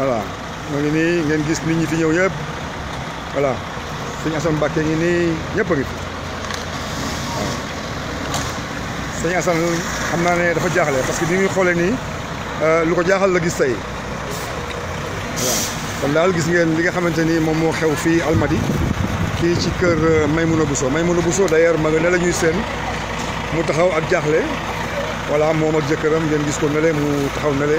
voilà ñoo ngi nii ngeen gis nit ñi fi ñew yépp voilà sëñ Assane Mbacke ngi ni ñëpp ngi fi waaw Assane xam naa ne dafa jaaxle parce que ni muy xoolee nii euh, lu ko jaaxal la gis tey voilà kon daal gis ngeen li nga xamante ni moom moo xew fii Almadi fii ci kër euh, Maymouna Bousso Maymouna Bousso d'ailleurs ma nga ne la ñuy seen mu taxaw ak jaaxle voilà moom ak jëkkëram ngeen gis ko nele mu taxaw nele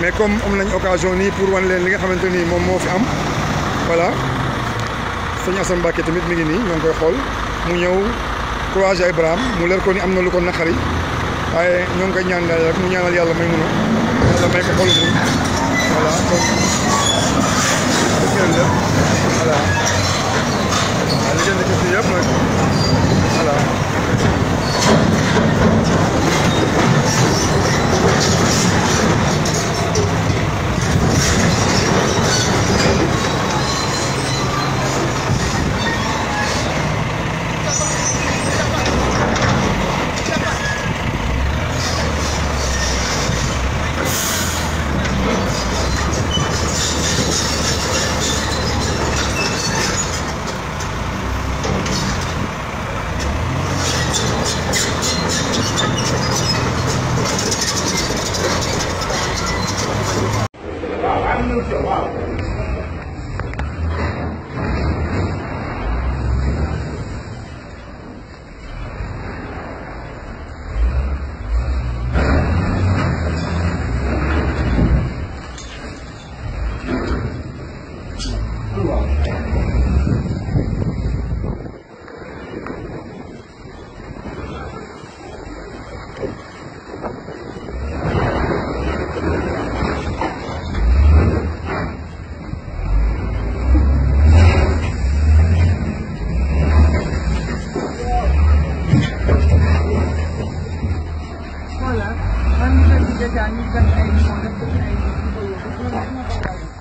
mais comme am nañ occasion ni pour wan leen li nga xamante ni moom fi am voilà sëñ Assane Mbacke tamit mi ngi nii ñoo ngi koy xool mu ñëw croisé ay y mu leer ko ni am na lu ko naqari koy ñaan rek mu ñaanal yalla may mun a may ko xol bu voilà kon voilà li ngeen di gis yëpp Ben bize gideceğim. Ben eğitim oynatayım. Eğitim oynatayım.